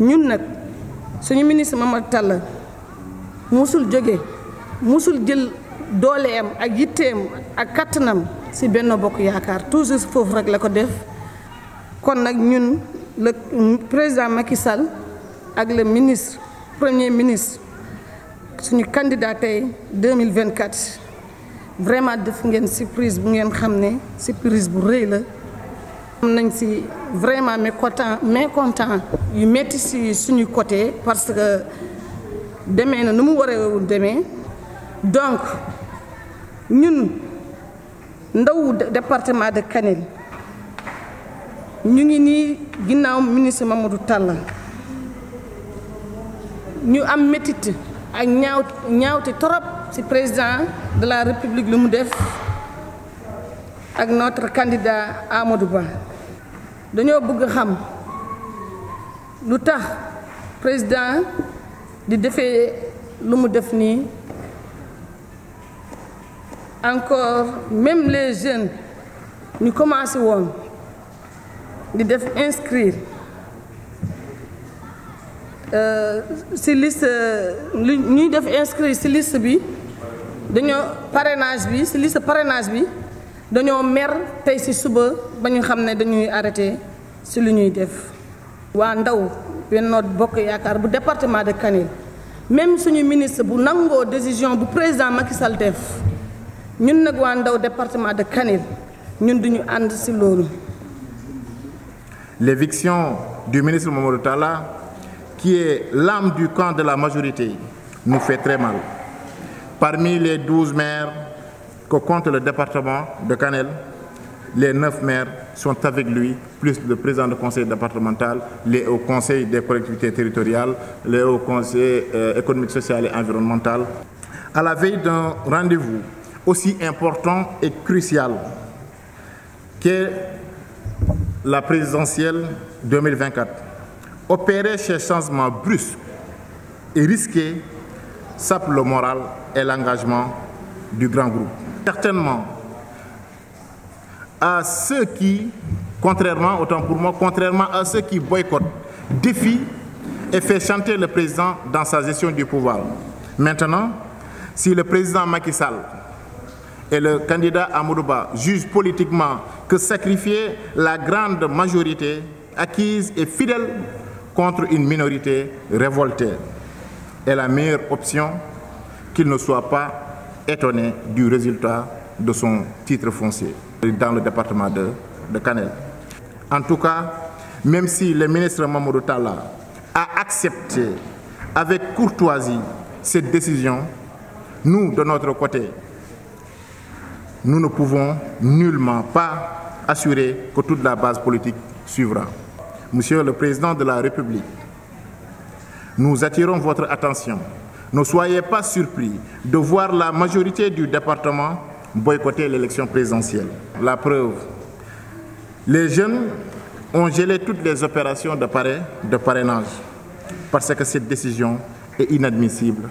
ñun nag suñu ministre Mamadou Talla mosul jóge mosul jël dooleem ak yitteem ak kattanam si benn bokk yaakaar toujours foofu rek la ko def kon nag ñun le président Macky Sall ak le ministre premier ministre suñu candidat tey 2024 vraiment def ngeen prise bu ngeen xam ne prise bu rëy la am nañ si vraiment mécontent mécontent yu métti si suñu côté parce que demee na nu mu warewul demee donc ñun ndaw département de Kanel ñu ngi nii ginnaaw ministre Mamadou Talla ñu am métit ak ñaaw ñaawte trop ci président de la république lu mu def ak notre candidat Amadou Ba dañoo bëgg xam lu tax président di defee lu mu def nii encore même les jeunes ñu commencé woon di def inscrire euh, ci liste lu ñuy def inscrire si liste bi dañoo parrainage bi si liste parrainage bi dañoo mer tey ci suba ba ñu xam ne dañuy arrêté ci lu ñuy def waa ndaw Benno Bokk Yaakaar bu département de Kanel même suñu ministre bu nangoo décision bu président Macky Sall def ñun nag waa ndaw département de Kanel ñun duñu ànd ci loolu. L'éviction du ministre Mamadou Talla qui est lam du camp de la majorité nous fait très mal. Parmi les maires que contre le département de Canel, les neuf maires sont avec lui, plus le président du conseil départemental, les hauts conseils des collectivités territoriales, les hauts conseils euh, économiques, sociales et environnementales. À la veille d'un rendez-vous aussi important et crucial qu'est la présidentielle 2024, opérer ces changements brusques et risqués sape le moral et l'engagement du grand groupe. Certainement, à ceux qui, contrairement, autant pour moi, contrairement à ceux qui boycottent, défient et fait chanter le président dans sa gestion du pouvoir. Maintenant, si le président Macky Sall et le candidat Amadouba jugent politiquement que sacrifier la grande majorité acquise et fidèle contre une minorité révoltée est la meilleure option, qu'il ne soit pas étonné du résultat de son titre foncier dans le département de, de Canel. En tout cas, même si le ministre Mamoudou Tala a accepté avec courtoisie cette décision, nous, de notre côté, nous ne pouvons nullement pas assurer que toute la base politique suivra. Monsieur le Président de la République, nous attirons votre attention Ne soyez pas surpris de voir la majorité du département boycotter l'élection présidentielle. La preuve, les jeunes ont gelé toutes les opérations de parrainage parce que cette décision est inadmissible